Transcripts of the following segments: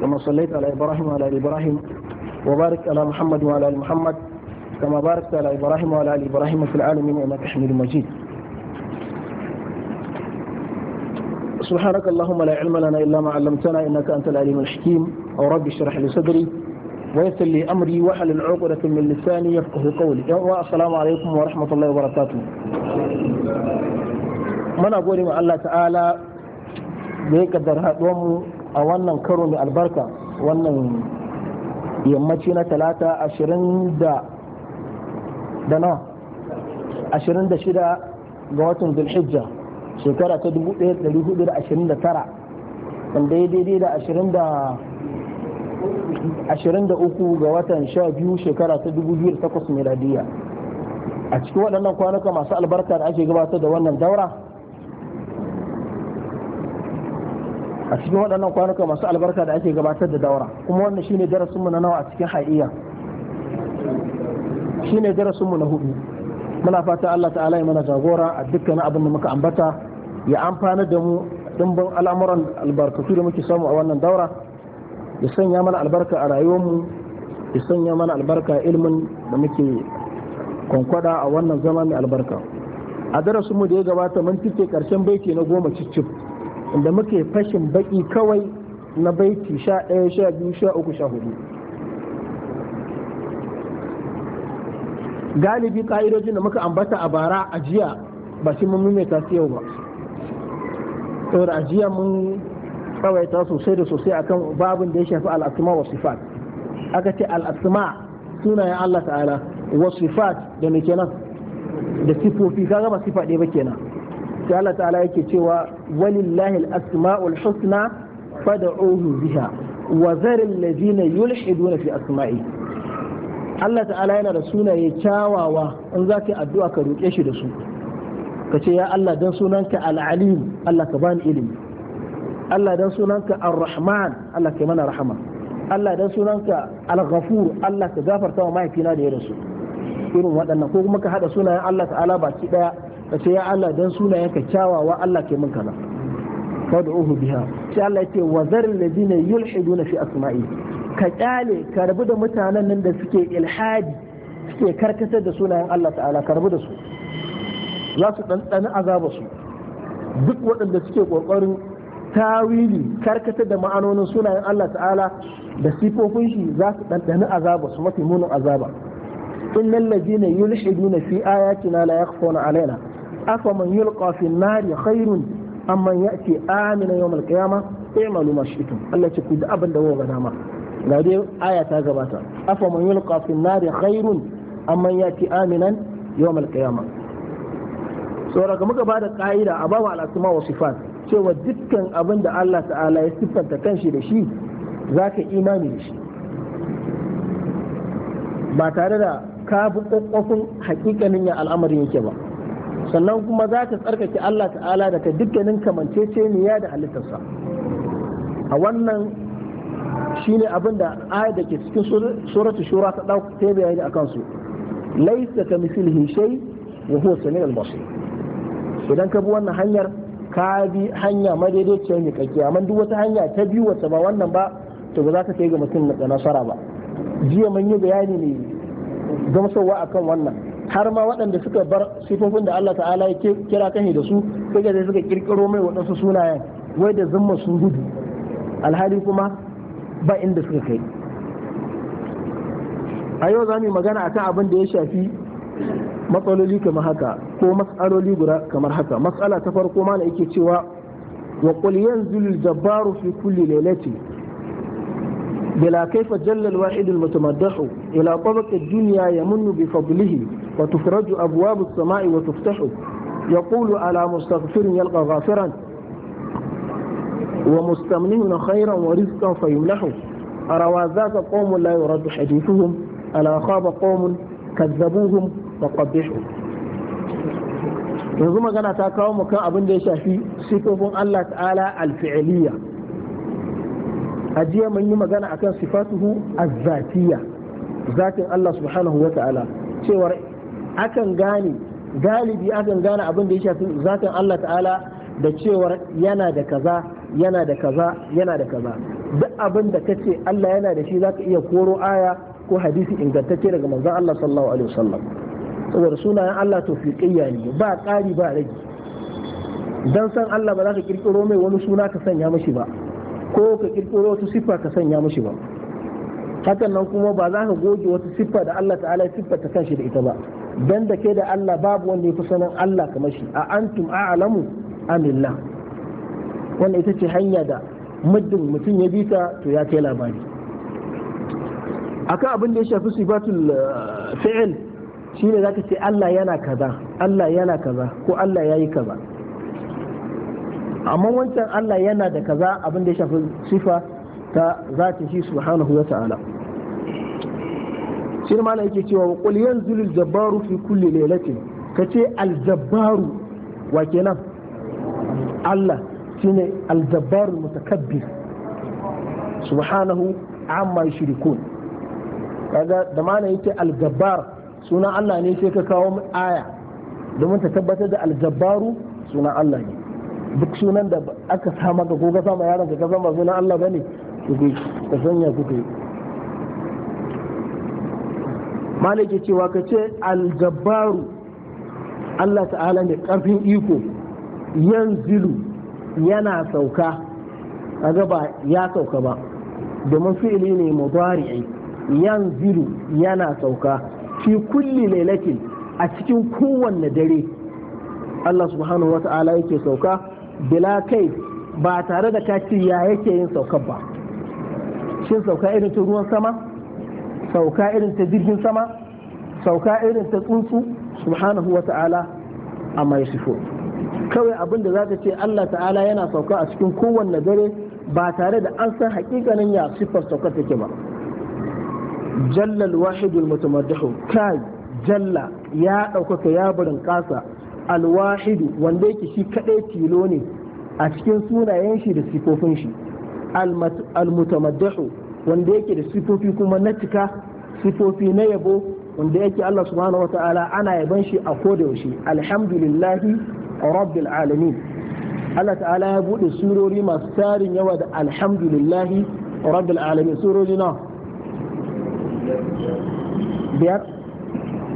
كما صليت على إبراهيم وعلى آل إبراهيم وبارك على محمد وعلى آل محمد كما باركت على إبراهيم وعلى آل إبراهيم في العالمين إنك حميد مجيد سبحانك اللهم لا علم لنا إلا ما علمتنا إنك أنت العليم الحكيم أو رب اشرح لي صدري ويسر لي أمري واحلل العقدة من لساني يفقه قولي والسلام عليكم ورحمة الله وبركاته من أقول مع الله تعالى بيقدر هذا a wannan karo mai albarka wannan yammaci na talata ashirin da da na ashirin da shida ga watan zulhijja shekara ta dubu ɗaya da hudu da ashirin da tara wanda ya daidai da ashirin da ashirin da uku ga watan sha biyu shekara ta dubu biyu da takwas a cikin waɗannan kwanuka masu albarka da ake gabatar da wannan daura a cikin waɗannan kwanuka masu albarka da ake gabatar da daura kuma wannan shine darasinmu na nawa a cikin haɗiya shine darasinmu na hudu muna fata Allah ta'ala ya mana jagora a dukkanin abin da muka ambata ya amfana da mu dimbin al'amuran albarkatu da muke samu a wannan daura ya sanya mana albarka a rayuwarmu ya sanya mana albarka a ilimin da muke kwankwada a wannan zama mai albarka a darasinmu da ya gabata mun cike karshen baiti na goma cicci. inda muke fashin baki kawai na baiti sha ɗaya sha biyu sha uku sha hudu galibi ƙa'idojin da muka ambata a bara a jiya ba shi mun mimeta su yau ba saboda a jiya mun tsawaita sosai da sosai akan babin da ya shafi al'asima wa sifat aka ce al'asima sunayen Allah ta'ala wa sifat da me kenan da sifofi kaga ba sifa ɗaya ba kenan sai Allah ta'ala yake cewa walillahi al-asma'ul husna fad'uhu biha wa zaril ladina yulhiduna fi asma'i Allah ta'ala yana da sunaye kyawawa in za ka yi addu'a ka roƙe shi da su ka ce ya Allah dan sunanka al-alim Allah ka bani ilimi Allah dan sunanka ar-rahman Allah ka mana rahama Allah dan sunanka al-ghafur Allah ka gafarta wa mahaifina da ya rasu irin waɗannan ko kuma ka haɗa sunayen Allah ta'ala baki ɗaya ka ce ya Allah dan sunayen ka kyawawa Allah ke min kaza fad'uhu biha sai Allah yake wa zaril ladina yulhiduna fi asma'i ka kyale ka rabu da mutanen nan da suke ilhadi suke karkatar da sunayen Allah ta'ala ka rabu da su za su dan azaba su duk waɗanda suke ƙoƙarin tawili karkatar da ma'anonin sunayen Allah ta'ala da sifofin shi za su ɗanɗani azaba su mafi munin azaba innal ladina yulhiduna fi ayatina la yakhfuna alaina afaman yulqa fi nari khairun amman ya'ti amina yawmal qiyamah i'malu ma shi'tum Allah ce ku da abin da ga dama ga dai aya ta gabata afaman yulqa fi nari khairun amman ya'ti aminan yawmal So daga muka ba da ka'ida a bawa al'asma wa sifat cewa dukkan abin da Allah ta'ala ya siffanta kanshi da shi zaka imani da shi ba tare da ka bi kokofin hakikanin ya al'amarin yake ba sannan kuma za ta tsarkake Allah ta'ala da daga dukkanin kamanceceniya da halittarsa a wannan shine abin da ayat da ke cikin suratul shura ta ɗauka ta bayani akan su laisa ka mislihi ya wa huwa samiul basir idan ka bi wannan hanyar ka bi hanya madaidaiciyar ne kake amma duk wata hanya ta biyu wata ba wannan ba to ba za ka kai ga mutum da nasara ba jiya mun bayani ne gamsarwa akan wannan har ma waɗanda suka bar sifofin da Allah ta'ala ya kira kanhi da su sai ga suka kirkiro mai waɗansu sunayen wai da zumma su gudu alhali kuma ba inda suka kai a yau za mu magana akan abin da ya shafi matsaloli kamar haka ko matsaloli guda kamar haka matsala ta farko mana yake cewa wa qul yanzul jabbaru fi kulli lailati بلا كيف جل الواحد ila إلى طبق الدنيا bi fadlihi وتفرج أبواب السماء وتفتح يقول على مستغفر يلقى غافرا ومستمنين خيرا ورزقا فيمنحه أروا ذاك قوم لا يرد حديثهم ألا خاب قوم كذبوهم وقبحوا yanzu magana ta kawo mu kan abin da ya shafi sifofin Allah ta'ala alfi'iliya a jiya mun yi magana akan sifatuhu azzatiya zatin Allah subhanahu wa ta'ala cewar akan gane galibi akan gane abin da ya shafi zatin Allah ta'ala da cewar yana da kaza yana da kaza yana da kaza duk abin da ka ce Allah yana da shi za ka iya koro aya ko hadisi ingantacce daga manzon Allah sallallahu alaihi wasallam saboda sunayen Allah tawfiqiyya ne ba ƙari ba rage dan san Allah ba za ka kirkiro mai wani suna ka sanya mashi ba ko ka kirkiro wata siffa ka sanya mashi ba hakan nan kuma ba za ka goge wata siffa da Allah ta'ala siffa ta kanshi da ita ba dan ke da Allah babu wanda ya fi sanin Allah kamar shi a antum a'lamu amillah wanda ita ce hanya da muddin mutum ya bi ta to ya kai labari akan abin da ya shafi sifatul eh, fi'il shine zaka ce Allah yana kaza Allah yana kaza ko Allah yayi kaza amma wancan Allah yana da kaza abin da ya shafi sifa ta zati shi subhanahu wa ta'ala shi ne malam yake cewa qul yanzilu al-jabbaru fi kulli kace al-jabbaru wa kenan Allah shine al-jabbaru mutakabbir subhanahu amma yushrikun kaga da malam yake al-jabbar sunan Allah ne sai ka kawo aya domin ta tabbatar da al-jabbaru sunan Allah ne duk sunan da aka sama maka ko ka sama yaron ka zama sunan Allah bane ku ka sanya ku malaki cewa ka ce aljabaru Allah ta'ala ne ƙarfin iko yan zilu yana sauka a gaba ya sauka ba domin fi'ili ne yan zilu yana sauka fi kulli lailatin a cikin kowanne dare Allah subhanahu wa ta'ala yake sauka bila kai ba tare da kaci ya yake yin saukar ba shin sauka irin ta ruwan sama sauka irin ta jirgin sama sauka irin ta tsuntsu subhanahu wa ta'ala amma ya kawai abin da za ka ce Allah ta'ala yana sauka a cikin kowanne dare ba tare da an san hakikanin ya siffar saukar take ba jallal wahidul mutamaddihu kai jalla ya ɗaukaka ya barin ƙasa alwahidu wanda yake shi kaɗai tilo ne a cikin sunayen shi da sifofin shi almutamaddihu wanda yake da sifofi kuma na cika sifofi na yabo wanda yake Allah subhanahu wata'ala ana yaban shi a koda yaushe alhamdulillahi rabbil alamin Allah ta'ala ya bude surori masu tarin yawa da alhamdulillahi rabbil alamin surori na biyar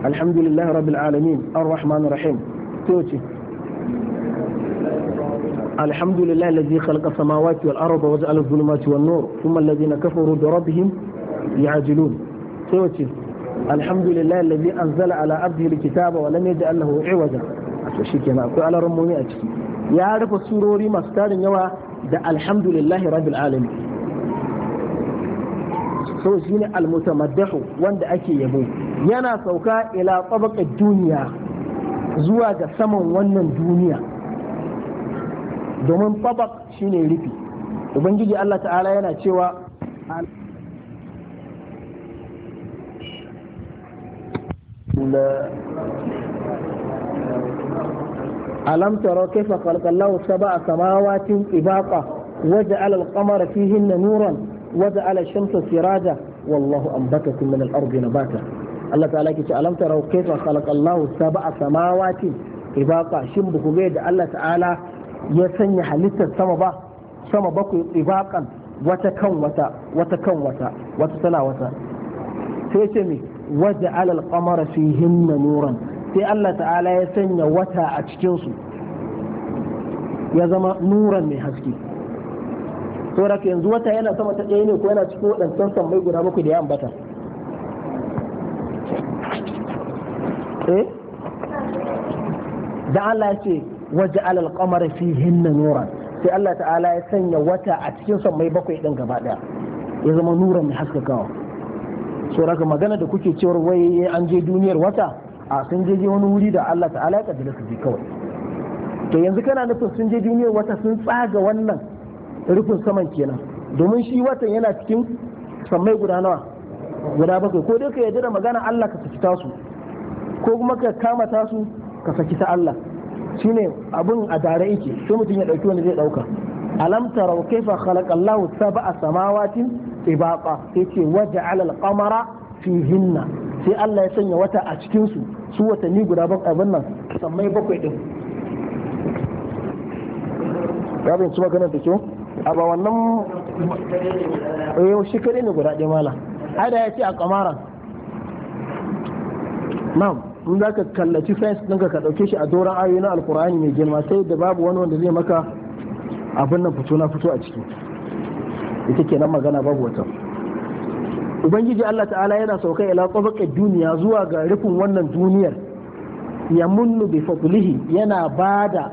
alhamdulillahi rabbil alamin ar-rahmanir rahim to ce الحمد لله الذي خلق السماوات والأرض وجعل الظلمات والنور ثم الذين كفروا بربهم يعجلون سوتي الحمد لله الذي أنزل على عبده الكتاب ولم يجعل له عوجا شكرا أقول على رمومي أجل يعرف السروري مستار يوا ده الحمد لله رب العالمين so shi ne almutamaddahu wanda ake yabo yana sauka ila tabaqat duniya zuwa ga saman wannan duniya domin tabak shine rufi ubangiji Allah ta'ala yana cewa ألم تروا كيف خلق الله سبع سماوات إباقة وجعل القمر فيهن نورا وجعل الشمس سراجا والله أنبتكم من الأرض نباتا الله تعالى كي ألم تروا كيف خلق الله سبع سماوات إباقة شنبك غير الله تعالى ya sanya halittar sama ba sama bakwai ibakan wata kan wata wata kan wata wata tana wata sai ce me waje alal kamara fi himna nuran sai Allah ta'ala ya sanya wata a cikinsu ya zama nuran mai haske to da yanzu wata yana sama ta ɗaya ne ko yana cikin waɗancan sammai guda bakwai da ya ambata eh da Allah ya ce waje alal kamar fi hinna nuran sai Allah ta'ala ya sanya wata a cikin mai bakwai din gaba daya ya zama nuran mai haskakawa so raka magana da kuke cewar wai an je duniyar wata a sun je wani wuri da Allah ta'ala ya kaddara su je kawai to yanzu kana nufin sun je duniyar wata sun tsaga wannan rufin saman kenan domin shi watan yana cikin sammai guda nawa guda bakwai ko dai ka yarda da magana Allah ka saki tasu ko kuma ka kama tasu ka saki ta Allah shine abun a tare yake sai mutum ya dauki wanda zai dauka alam tarau kaifa khalaqallahu sab'a samawatin ibaqa yace waja'al al-qamara fihinna sai Allah ya sanya wata a cikin su su watanni guda bakwai abin nan sammai bakwai din ya bin su magana da kyau a ba wannan eh shi kare ne guda ɗaya mala ai da ya ce a kamaran na'am in za ka kallaci fens ɗinka ka ɗauke shi a doron ayoyi na alkur'ani mai girma sai da babu wani wanda zai maka abin nan fito na fito a ciki ita kenan magana babu wata ubangiji Allah ta'ala yana sauka ila tsabaka duniya zuwa ga rufin wannan duniyar ya munnu bi fadlihi yana ba da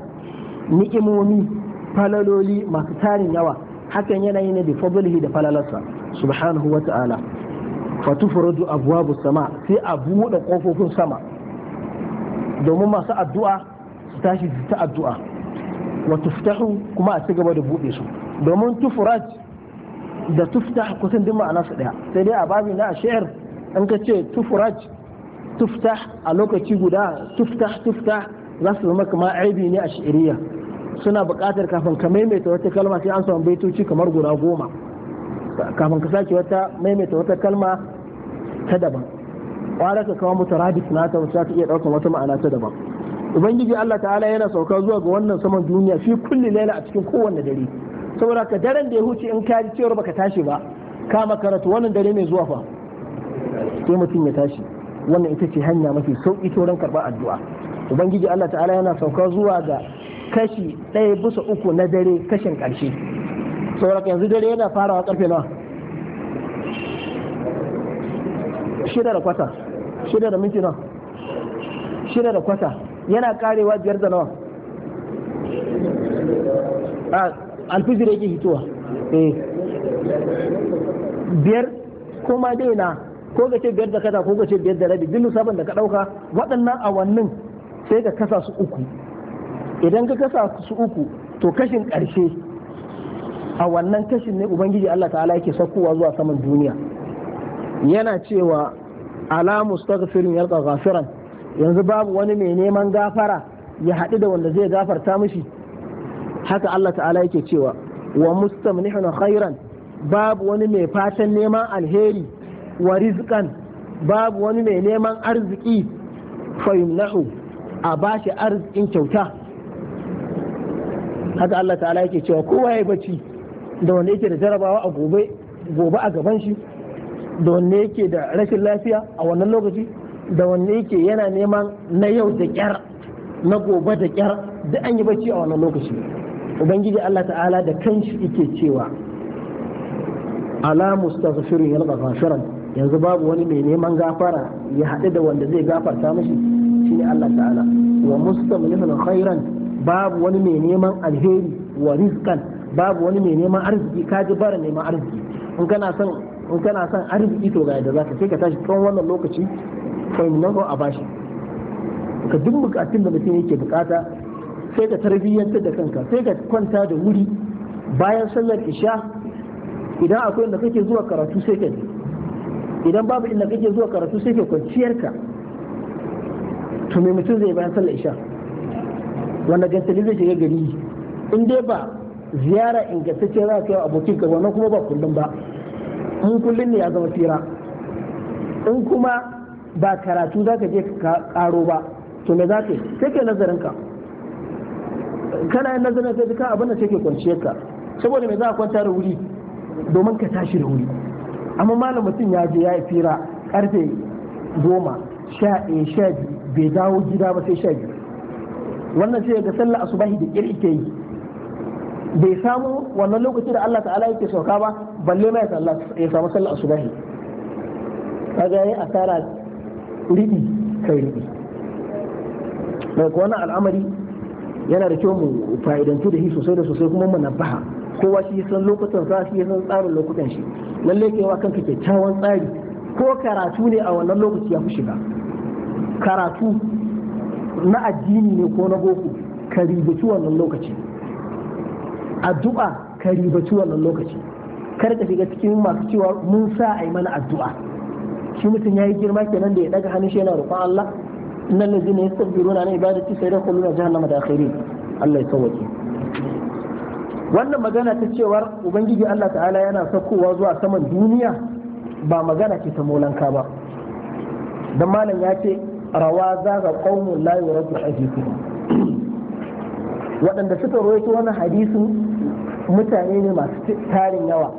ni'imomi falaloli masu tarin yawa hakan yana yi ne bi fadlihi da falalarsa subhanahu wa ta'ala fatufuradu abwabu sama sai a buɗe ƙofofin sama domin masu addu'a su tashi su ta addu'a wa tuftahu kuma a ci gaba da buɗe su domin tufuraj da tuftah kusan duk ma'ana su ɗaya sai dai a babi na shi'ar an ka ce tufuraj tuftah a lokaci guda tuftah tuftah za su zama kama aibi ne a shi'iriya suna buƙatar kafin ka maimaita wata kalma sai an samu baitoci kamar guda goma kafin ka sake wata maimaita wata kalma ta daban kwara ka kawo mata rabit nata wacce ta iya ɗaukar wata ma'ana ta daban ubangiji Allah ta'ala yana sauka zuwa ga wannan saman duniya fi kulli laila a cikin kowanne dare saboda ka daren da ya huce in ka ji cewar baka tashi ba ka makaratu wannan dare mai zuwa fa sai mutum ya tashi wannan ita ce hanya mafi sauki ta wurin karɓar addu'a ubangiji Allah ta'ala yana sauka zuwa ga kashi ɗaya bisa uku na dare kashin ƙarshe saboda yanzu dare yana farawa ƙarfe nawa shida da kwata shida da minti nawa shida da kwata yana karewa biyar da nawa a ah, da yake hitowa eh biyar kuma dai na ko ga ce biyar da kata ko ga ce biyar da rabi duk lissafin da ka dauka waɗannan awannin sai ka kasa su uku idan ka kasa su uku to kashin ƙarshe a wannan kashin ne ubangiji Allah ta'ala yake saukowa zuwa saman duniya yana cewa ala mustaghfirin yalqa ghafiran yanzu babu wani mai neman gafara ya haɗu da wanda zai gafarta mishi haka Allah ta'ala yake cewa wa mustamnihun khairan babu wani mai fatan neman alheri wa rizqan babu wani mai neman arziki yumnahu a bashi arzikin kyauta haka Allah ta'ala yake cewa kowa ya bacci da wanda yake da jarabawa a gobe gobe a gaban shi da wanne yake da rashin lafiya a wannan lokaci da wanne yake yana neman na yau da kyar na gobe da kyar da an yi bacci a wannan lokaci ubangiji Allah ta'ala da kanshi yake cewa ala mustaghfirin yalqa ghafiran yanzu babu wani mai neman gafara ya haɗu da wanda zai gafarta mishi shine Allah ta'ala wa mustamlihun khairan babu wani mai neman alheri wa rizqan babu wani mai neman arziki kaji bara neman arziki in kana son in kana son arziki to ga yadda zaka sai ka tashi tsawon wannan lokaci kai nan a bashi ka duk bukatun da mutum yake bukata sai ka tarbiyyantar da kanka sai ka kwanta da wuri bayan sallar isha idan akwai inda kake zuwa karatu sai ka idan babu inda kake zuwa karatu sai ka kwanciyar ka to me mutum zai bayan sallar isha wanda gantali zai shiga gari in dai ba ziyara ingantacce za ka yi abokin ka wannan kuma ba kullum ba in kullum ne ya zama fira in kuma ba karatu za ka je ka karo ba to me za ka yi sai ka nazarin ka kana yin nazarin ka duka abin da take kwanciyar ka saboda me za a kwanta da wuri domin ka tashi da wuri amma malam mutum ya je ya yi fira karfe goma sha ɗaya sha biyu bai dawo gida ba sai sha biyu wannan sai ga sallah asubahi da ƙirƙe yi bai samu wannan lokacin da Allah ta'ala yake sauka ba balle ma ya samu sallar asubahi kaga yayi asara riɗi kai riɗi Mai wannan al'amari yana da kyau mu fa'idantu da shi sosai da sosai kuma mu nabaha kowa shi san lokutan sa shi san tsarin lokutan shi lalle kai wa kanka kyakkyawan tsari ko karatu ne a wannan lokaci ya fi shiga karatu na addini ne ko na boko ka ribaci wannan lokaci addu'a ka ribaci wannan lokaci kar ka shiga cikin masu cewa mun sa a yi mana addu'a shi mutum ya yi girma kenan da ya daga hannun shi yana roƙon Allah innal ladzina yastakbiruna an ibadati sayadkhuluna jahannama dakhirin Allah ya sauke wannan magana ta cewar ubangiji Allah ta'ala yana saukowa zuwa saman duniya ba magana ce ta molanka ba dan malam ya ce rawa zaga qaumun la yuradu hadithuhum waɗanda suka roƙi wannan hadisin mutane ne masu tarin yawa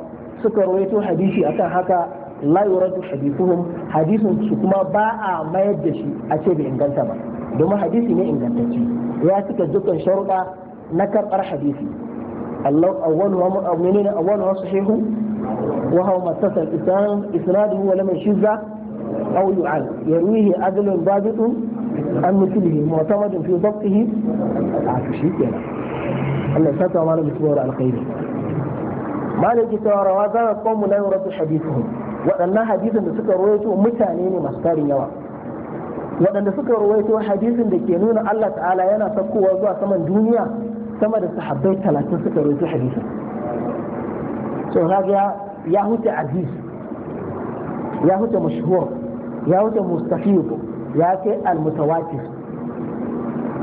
suka rawaito hadisi akan haka la yuradu hadithuhum hadisin su kuma ba a mayar da shi a ce bai inganta ba domin hadisi ne ingantacce ya cika dukkan sharuɗa na karɓar hadisi Allah awwalu mu'minin awwalu sahihu wa huwa mattasal islam isnaduhu wa lam yashizza aw yu'al yarwihi adlun babitun an mithlihi mu'tamadun fi dhabtihi a ah, shi kenan Allah ya saka mana mutuwar alkhairi malaki cewa rawa za ka kawo na yuradu hadithuhum waɗannan hadisin da suka rawaito mutane ne masu tarin yawa waɗanda suka rawaito hadisin da ke nuna Allah ta'ala yana saukowa zuwa saman duniya sama da sahabbai talatin suka rawaito hadisin so kaga ya huta aziz ya huta mashhur ya huta mustafid ya kai al-mutawatir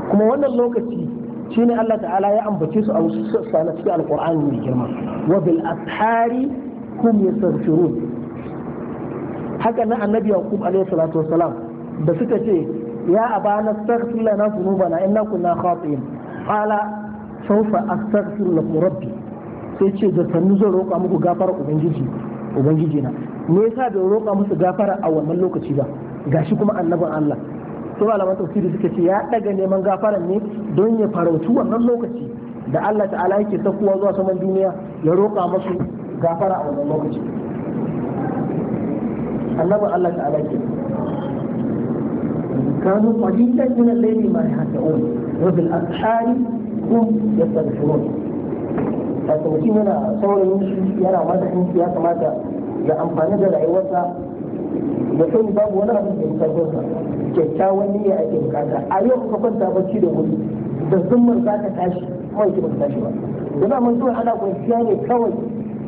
kuma wannan lokaci shi ne Allah ta'ala ya ambace su a wasu sassa na cikin alƙur'ani mai girma wa bil ashari hum yastaghfirun haka na annabi yaqub alaihi salatu wassalam da suka ce ya abana astaghfir lana dhunubana inna kunna khati'in qala sawfa astaghfir lakum rabbi sai ce da sannu zan roƙa muku gafara ubangiji ubangiji na me yasa bai roƙa musu gafara a wannan lokaci ba gashi kuma annabin Allah sai malaman tafsiri suka ce ya daga neman gafaran ne don ya farautu wannan lokaci da Allah ta'ala yake sakuwa zuwa saman duniya ya roƙa masu gafara a wannan lokaci annabi Allah ta'ala yake kanu qalilan min al-layli ma yahtaun wa bil ashari hum yastaghfirun wato mutum yana saurayin shi yana madahin shi ya kamata ya amfani da rayuwarsa ya sani babu wani abin da ya karfin kyakkyawan niyya ake bukata a yau ka kwanta bacci da wuri da zummar za ka tashi kawai ki ba tashi ba yana zuwa ana kwanciya ne kawai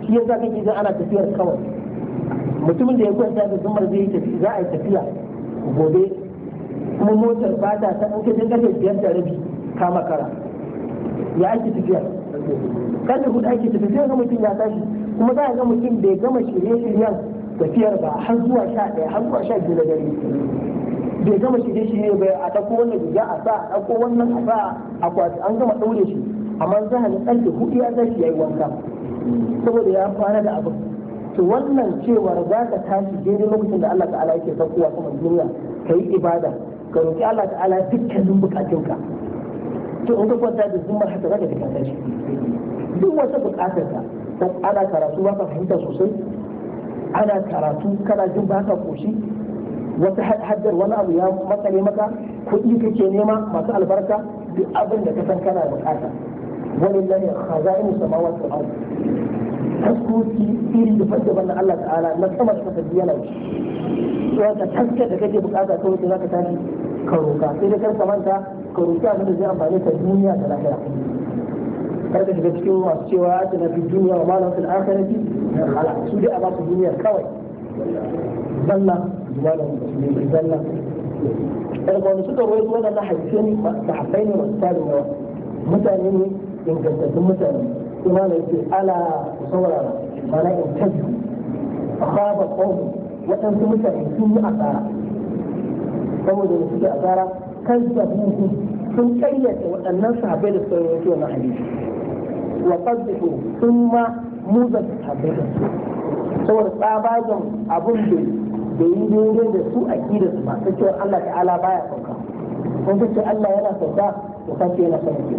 shi yasa kake ga ana tafiyar kawai mutumin da ya kwanta da zummar zai tafi za a yi tafiya gobe kuma motar ba ta ta ɗauke ta ƙarfe biyar da rabi kama kara ya ake tafiya kada da hudu ake tafiya sai ga mutum ya tashi kuma za a ga mutum bai gama shirye-shiryen tafiyar ba har zuwa sha ɗaya har zuwa sha biyu na dare bai gama shige shi ne bai a ɗauko wannan riga a sa a ɗauko wannan a sa kwasi an gama ɗaure shi amma za a ɗan da hudu ya zashi ya yi wanka saboda ya kwana da abin to wannan cewar za ka tashi daidai lokacin da Allah ta'ala yake saukowa kuma duniya ka yi ibada ka roƙi Allah ta'ala dukkanin bukatunka to in ka kwanta da zumar haka za ka fi kanta shi duk wata bukatar ka ana karatu ba ka fahimta sosai ana karatu kana jin ba ka koshi wata haddar wani abu ya matsale maka kuɗi kake nema masu albarka duk abin da ka san kana bukata walillahi khaza'in samawati wal ard taskoki iri da daban na Allah ta'ala na sama da kasa biyana shi ka taskar da kake bukata kawai sai zaka tashi ka roka sai da kar ka manta ka roki abin da zai amfani ka duniya da lahira kar ka shiga cikin masu cewa a tana fi duniya wa malam fil akhirati su dai a ba su duniya kawai zalla malam mai zalla suka wai zuwa da hadisai da haɓai ne masu tarin yawa mutane ne ingantattun mutane kuma da yake ala saurara mana in tabi a haɓa ƙwamu waɗansu mutane sun yi asara saboda da suke asara kan zabuhu sun ƙayyade waɗannan sahabbai da suka yi wasu wannan hadisi wa ƙasdihu sun ma muzan da su saboda tsabagen abin da da yi daidai da su a kira su masu cewa Allah ta'ala baya sauka kun ta ce Allah yana sauka to ka ce yana sama ke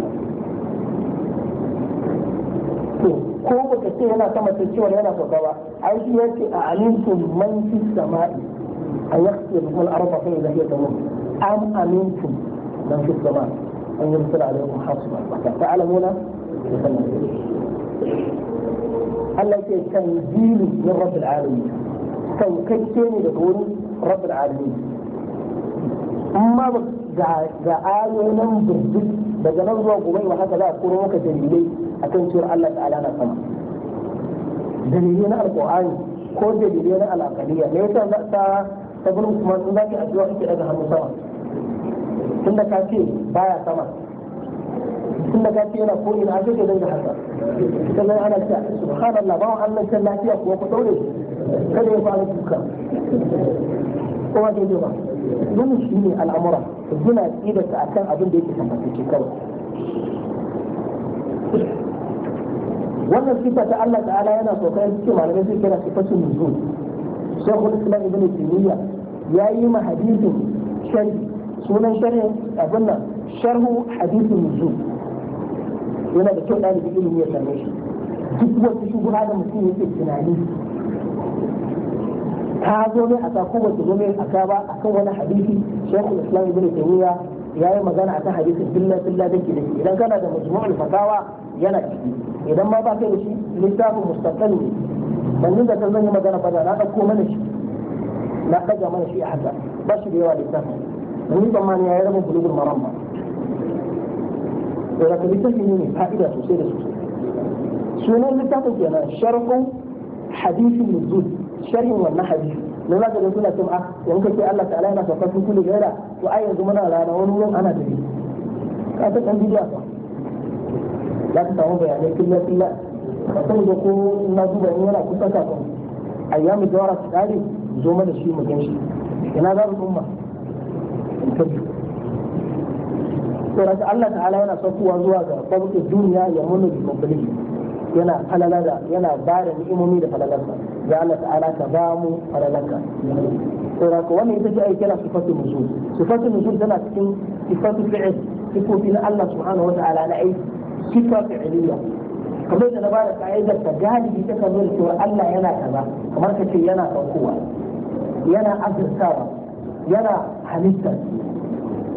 to ko ba ka ce yana sama ta cewa yana sauka ba ai shi ya ce a alimtum man fi sama'i a yaqti bil arda fa idha hiya tamur am amintum man fi sama'i an yursala alaykum hasiba fa ta'lamuna Allah ke tanzilu min rabbil alamin saukakke ne daga wani rabbul alamin amma ga ayoyin burjik daga nan zuwa gobe ba haka za a koro maka dalilai akan cewa Allah ta'ala na sama dalilai na alqur'ani ko dalilai na alaqaliya ne yasa za ta tabul kuma sun zaki addu'a kike daga hannun sama da ka ce baya sama tunda ka ce yana koyi na ake da haka sannan ana cewa subhanallah bawon Allah kan lafiya kuma ku daure kada ya fara kuka, kuma daidai ba wannan shi ne al'amura gina tsidarsa a kan abin da yake tabbatacce kawai wannan sifa ta Allah ta'ala yana so kokari cikin malamai sai kira sifatun nuzul shekul islam ibn taymiya ya yi ma hadithin shari sunan sharhin abin nan sharhu hadithin nuzul yana da kyau ɗalibi ilimi ya same shi duk wata shugaba da mutum yake tunani ta zo ne a ko wata zo ne a ka ba a kan wani hadisi shekul islam ibn taymiya ya yi magana akan hadisin billa billa da ke da shi idan kana da majmu'ul fatawa yana ciki idan ma ba kai da shi littafin mustaqal ne yanzu da zan yi magana ba na dauko mana shi na daga mana shi a haka ba shi da yawa littafin mun ba ma ne ya rabu bulugul maram ba to da littafin ne fa'ida sosai da sosai sunan littafin kenan sharhu hadithin nuzul sharhin wannan hadisi na za ka ga suna cewa ah, yanzu ka ce Allah ta'ala yana saukar su kullu gaira to ai yanzu muna rana wani wurin ana dare ka ta kan bidiya ba? za ka samu bayanai killa killa ka san da ko na duba in yana kusa kafin ayyamu jawara su dare zo da shi mu gan shi ina za mu umma da Allah ta'ala yana saukowa zuwa ga kwabuke duniya ya munu bi yana falala da yana ba da ni'imomi da sa ya Allah ta'ala ka ba mu faralanka saboda ko wannan ita ce ai kira sifatu nuzul sifatu nuzul tana cikin sifatu fi'l sifofi na Allah subhanahu wata'ala na aiki sifa fi'liya kamar da na ba da ka'idar ta galibi ta kan zuwa cewa Allah yana kaza kamar ka ce yana saukowa yana azurtawa yana halitta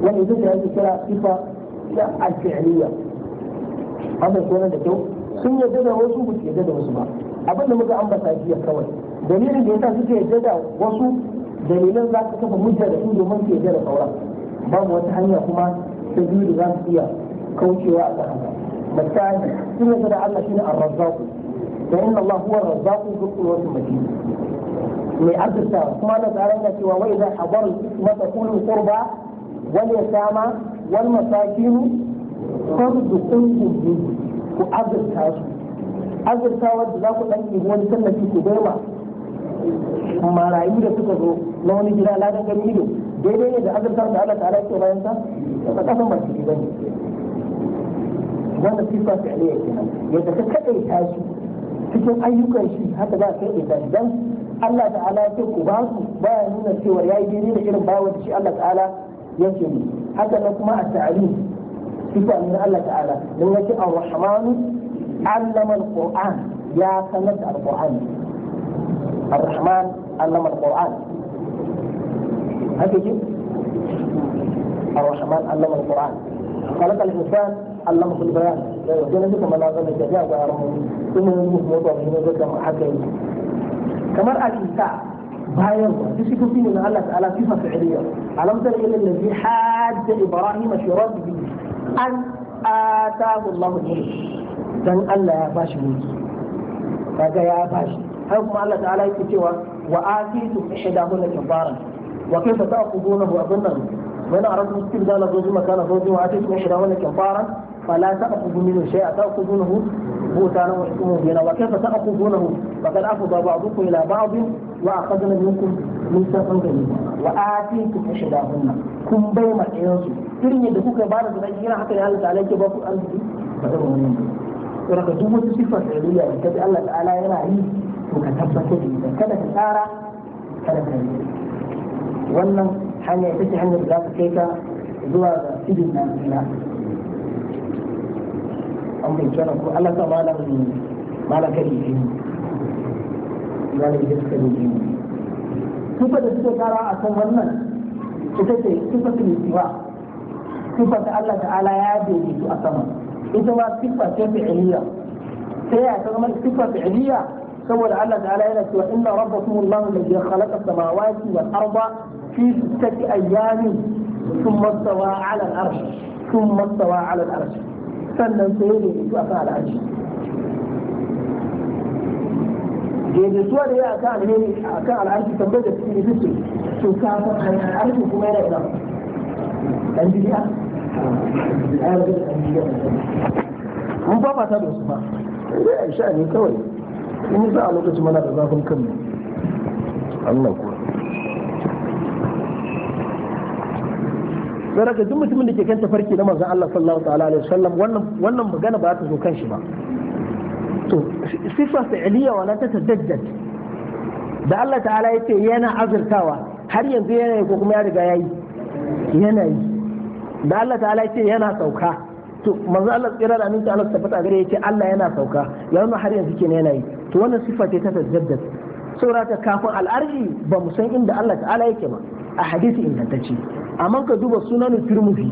wani ita ce ake kira sifa ta al-fi'liya amma sunan da kyau sun yadda da wasu ba su yadda da wasu ba abin da muka ambata jiya kawai dalilin da yasa suke yadda da wasu dalilan za su kafa hujja da su domin su yadda da sauran babu wata hanya kuma ta biyu da za su iya kaucewa a kan haka misali sun yadda da Allah shine ar-razzaq da inna Allah huwa ar-razzaq dhul quwwati matin mai arzuta kuma da tsaron da cewa wai idan habar mata kullu qurba wal yatama wal masakin farzuqukum ku azurta su azurta da za ku ɗan ɗibi wani tallafi ku baiwa marayu da suka zo na wani gida ladan gani ido daidai ne da azurta da Allah ta'ala ke bayan sa ba kasan ba shi bane wanda sifa ta aliya kenan yadda ka kadai ta shi cikin ayyukan shi haka za ka yi dan Allah ta'ala ya ce ku ba su baya nuna cewa yayi daidai da irin bawa shi Allah ta'ala ya ce. haka nan kuma a ta'alim sifa ne na Allah ta'ala dan yake ar-rahmanu علم القرآن يا سند القرآن الرحمن علم القرآن هكذا الرحمن علم القرآن خلق الإنسان علمه البيان جنبك من ما الجزاء يتجاوز إنه يموت موته من ذلك ما حكى كما الإنسان بايروا دي سيكون من الله تعالى صفة فعلية ألم تر إلى الذي حاج إبراهيم في أن آتاه الله العلم dan Allah ya bashi mulki kaga ya bashi har kuma Allah ta'ala yake cewa wa atitu ihdahunna kibara wa kayfa ta'qudunahu abunnan wa ana arabu istibdala zawji wa atitu kibara مبينا وكيف تأخذونه فقد أخذ بعضكم إلى بعض وأخذنا منكم كن بارد بأجينا حتى عليك أنت don ka duk wata siffar soyayya da ka bi Allah ta'ala yana yi to ka tabbatar da ita kada ka tsara kada ka yi wannan hanya ita ce hanyar da za ka kai ka zuwa ga idin na ila an bai kira ko Allah ta malam malaka ilimi malaka ilimi kuma da suke kara a kan wannan ita ce sifatul istiwa sifar da Allah ta'ala ya daidaito a sama ita ma siffa ce fi'iliya sai ya ta zama siffa fi'iliya saboda Allah ta'ala yana cewa inna rabbakum Allahu alladhi khalaqa samawati wal arda fi sittati ayyamin thumma stawa 'ala al-arsh thumma stawa 'ala al-arsh sannan sai ne ita akan al-arsh daidaituwa da ya akan alheri akan al'arshi tambayar da suke da suke to ka san al'arshi kuma yana ina dan bidiya mun ba mata da wasu ba sai a sha ne kawai in yi a lokacin mana da zafin kanmu Allah kuwa sai raka duk mutumin da ke kan tafarki na manzon Allah sallallahu ta'ala alaihi wasallam wannan wannan magana ba ta zo kan shi ba to sifa fi'liya wala ta tadaddad da Allah ta'ala yace yana azurtawa har yanzu yana yi ko kuma ya riga yayi yana yi da Allah ta'ala yace ce yana sauka to manzo Allah tsira da aminci Allah fata gare yace Allah yana sauka yanzu har yanzu ke yana yi to wannan sifa ce ta tajaddad ta kafin al'arji ba mu san inda Allah ta'ala yake ba a hadisi ce amma ka duba sunanin turmufi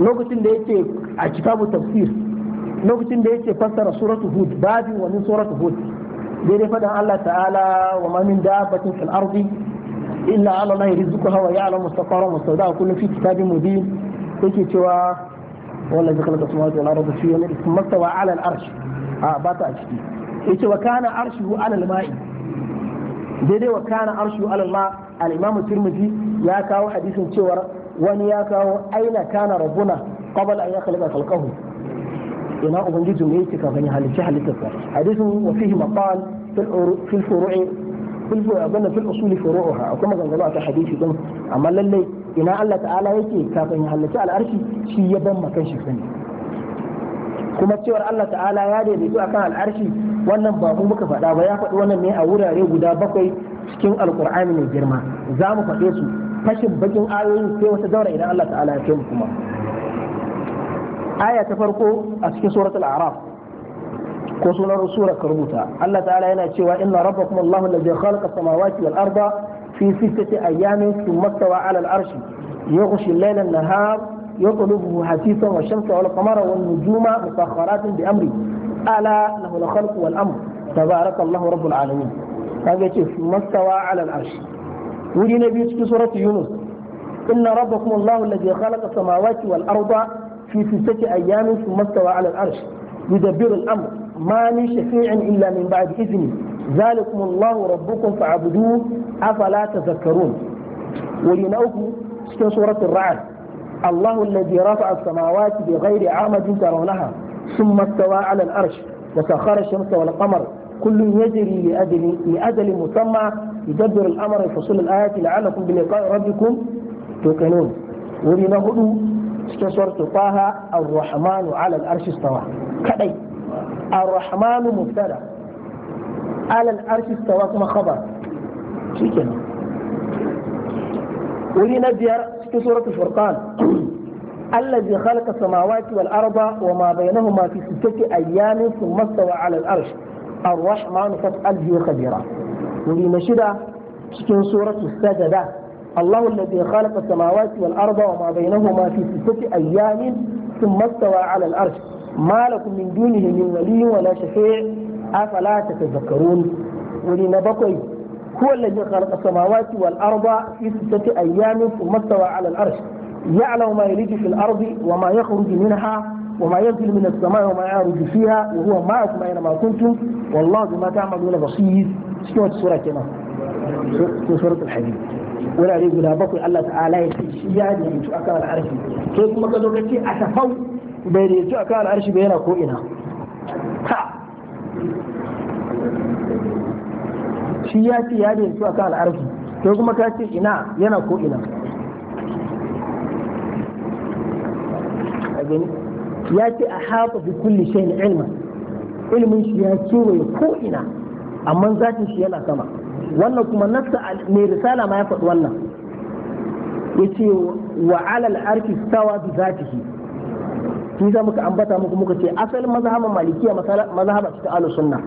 lokacin da yake a kitabu tafsir lokacin da yake fassara suratu hud babin wani suratu hud daidai fadan Allah ta'ala wa ma min dabbatin fil ardi إلا على الله يرزقها ويعلم مستقرا مستودعا كل في كتاب مبين تكي توا والله إذا خلق السماوات والأرض في يوم ثم استوى على الأرش آه بات أشتي إيش وكان أرشه على الماء جدي وكان أرشه على الماء الإمام الترمذي يا كاو حديث تشور وان يا كاو أين كان ربنا قبل أن يخلق خلقه إن أبن جد ميتك فني هل حديث وفيه مقال في الفروع fil abin fil usuli furu'uha akwai a akan hadisi din amma lallai ina Allah ta'ala yake kafin ya halarci al'arshi shi ya ban makan shi kuma cewar Allah ta'ala ya daidaito akan al'arshi wannan ba mu muka faɗa ba ya faɗi wannan ne a wurare guda bakwai cikin alkur'ani mai girma za mu faɗe su fashin bakin ayoyin sai wata daura idan Allah ta'ala ya kai mu kuma aya ta farko a cikin suratul a'raf ko sunan sura karbuta Allah ta'ala yana cewa inna rabbakum Allahu allazi khalaqa samawati wal arda fi sittati ayamin thumma stawa 'ala al-'arshi yughshi al-layla an-nahar yatlubuhu hasifan wa shamsa wal-qamara wan-nujuma musakhkharatin bi amri ala lahu al-khalqu wal-amr tabaraka Allahu rabbul 'alamin kage ce thumma stawa 'ala al-'arsh wuri na biyu cikin suratu yunus inna rabbakum Allahu allazi khalaqa samawati wal arda fi sittati ayamin thumma stawa 'ala al-'arsh yudabbiru al-amr ما لي شفيع إلا من بعد إذني ذلكم الله ربكم فاعبدوه أفلا تذكرون ولنأكم في سورة الرعد الله الذي رفع السماوات بغير عمد ترونها ثم استوى على الأرش وسخر الشمس والقمر كل يجري لأجل, لأجل مسمى يدبر الأمر يفصل الآيات لعلكم بلقاء ربكم توقنون ولنهدوا في سورة طه الرحمن على الأرش استوى كذلك الرحمن مبتدا على الارش استوى كما خبر شكرا ولينا نبيار في سورة الفرقان الذي خلق السماوات والأرض وما بينهما في ستة أيام ثم استوى على الأرش الرحمن فاسأل به خبيرا ولينا نشدة في سورة السجدة الله الذي خلق السماوات والأرض وما بينهما في ستة أيام ثم استوى على الأرش ما لكم من دونه من ولي ولا شفيع أفلا تتذكرون ولنا بقي هو الذي خلق السماوات والأرض في ستة أيام ثم استوى على العرش يعلم ما يلج في الأرض وما يخرج منها وما ينزل من السماء وما يعرج فيها وهو معكم أينما كنتم والله بما تعملون بصير شنو سورة كما سورة الحديد ولا يقول بقي الله تعالى يسجد يعني أكمل عرفي كيف ما كذا أتفوت bai da daidaitu a kan al'arshi bai yana ko'ina ha shi ya ce ya da daidaitu a kan al'arshi to kuma ka ce ina yana ko'ina ya ce a haɓa fi kulli shayin ilma ilmin shi ya kewaye ko'ina amma zafin shi yana sama wannan kuma nafsa mai risala ma ya faɗi wannan ya ce wa alal arki stawa bi zatihi shi za muka ambata muku muka ce asalin mazhaban malikiya mazhaba ta ahlus sunna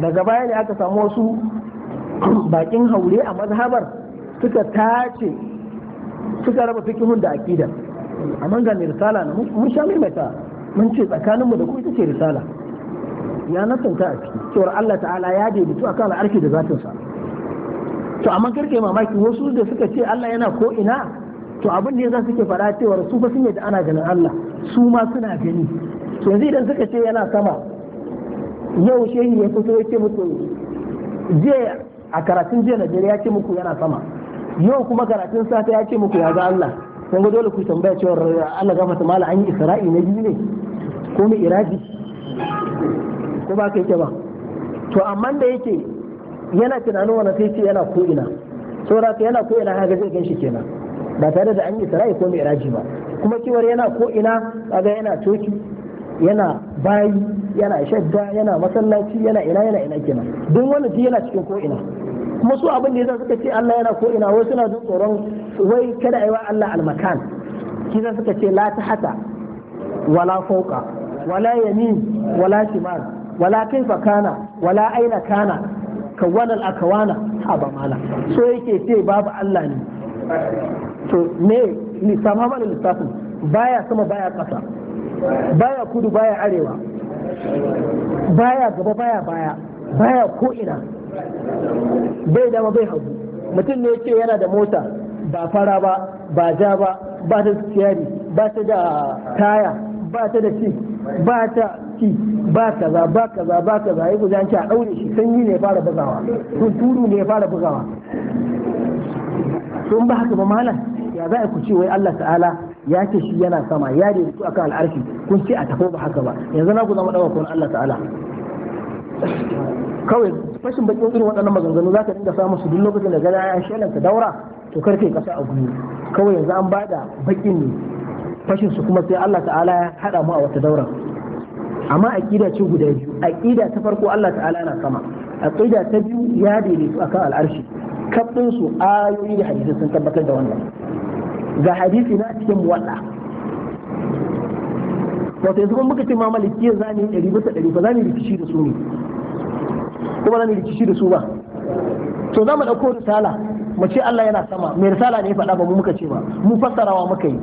daga baya ne aka samu wasu bakin haure a mazhabar suka tace suka raba fikihun da aqida amma ga mai risala na mun sha mai mata mun ce tsakaninmu da kuma ita ce risala ya nasanta a ciki cewar Allah ta'ala ya daidaitu akan al'arki da zatinsa to amma karke mamaki wasu da suka ce Allah yana ko ina to abin da yasa suke faɗa cewa su fa sun yadda ana ganin Allah su ma suna gani to yanzu idan suka ce yana sama yau shehi ya fito ya ce muku je a karatun jiya Najeriya ya ce muku yana sama yau kuma karatun sata ya ce muku ya ga Allah kun ga dole ku tambaya cewa Allah gafarta mala an yi Isra'i na biyu ne ko mai iradi ko ba ka yake ba to amma da yake yana tunanin wani sai ce yana ko ina saboda yana ko ina haka zai gan shi kenan ba tare da an yi sarai ko mai raji ba kuma kiwar yana ko ina kaga yana coki yana bayi yana shadda yana masallaci yana ina yana ina kenan don wannan duk yana cikin ko ina kuma su abin da yasa suka ce Allah yana ko ina wai suna jin tsoron wai kada ayi wa Allah almakan shi suka ce la hata, wala fauka wala yamin wala shimal wala kaifa kana wala aina kana kawana akawana haba mala so yake ce babu Allah ne to me lissafa mana lissafin baya sama baya ƙasa baya kudu baya arewa baya gaba baya baya baya ko ina bai dama bai hagu mutum ne ce yana da mota ba fara ba ba ja ba ba ta siyari ba ta da taya ba ta da ci ba ta ci ba kaza ba kaza ba kaza a ɗaure shi sanyi ne fara bugawa turu ne fara bugawa to in ba haka ba malam ya za ku ce wai Allah ta'ala ya ce shi yana sama ya su akan al'arshi kun ce a tafi ba haka ba yanzu na ku zama dawa kun Allah ta'ala kawai fashin bakin irin waɗannan maganganu za ka dinga samun su duk lokacin da gada ya shelan ka daura to karfe kasa a gudu kawai yanzu an bada bakin ne fashin su kuma sai Allah ta'ala ya hada mu a wata daura amma aqida ce guda biyu aqida ta farko Allah ta'ala yana sama aqida ta biyu ya daidaitu akan al'arshi kafin su ayoyi da hadisi sun tabbatar da wannan ga hadisi na cikin muwadda wato yanzu muka ce ma ya zani 100 bisa ɗari ba zani rikici da su ne kuma zani rikici da su ba to za mu ɗauko risala mu ce Allah yana sama mai risala ne ya faɗa ba mu muka ce ba mu fassarawa muka yi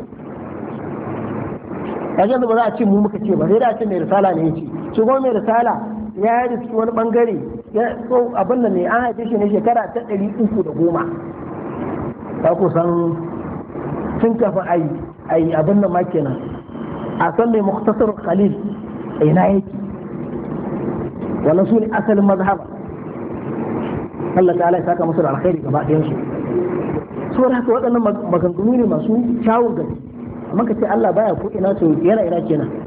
yanzu ba za a ce mu muka ce ba sai da a ce mai risala ne ya ce shi kuma mai risala ya riski wani bangare ya so abin da ne an haife shi ne shekara ta ɗari uku da goma ta kusan sun kafa ayi ayi abin da ma kenan a san mai muktasar khalil ina yake wannan su ne asalin mazhaba Allah ta'ala ya saka musu da alkhairi gaba ɗayan su da haka waɗannan maganganu ne masu kyawun gari amma ka ce Allah baya ko ina to yana ina kenan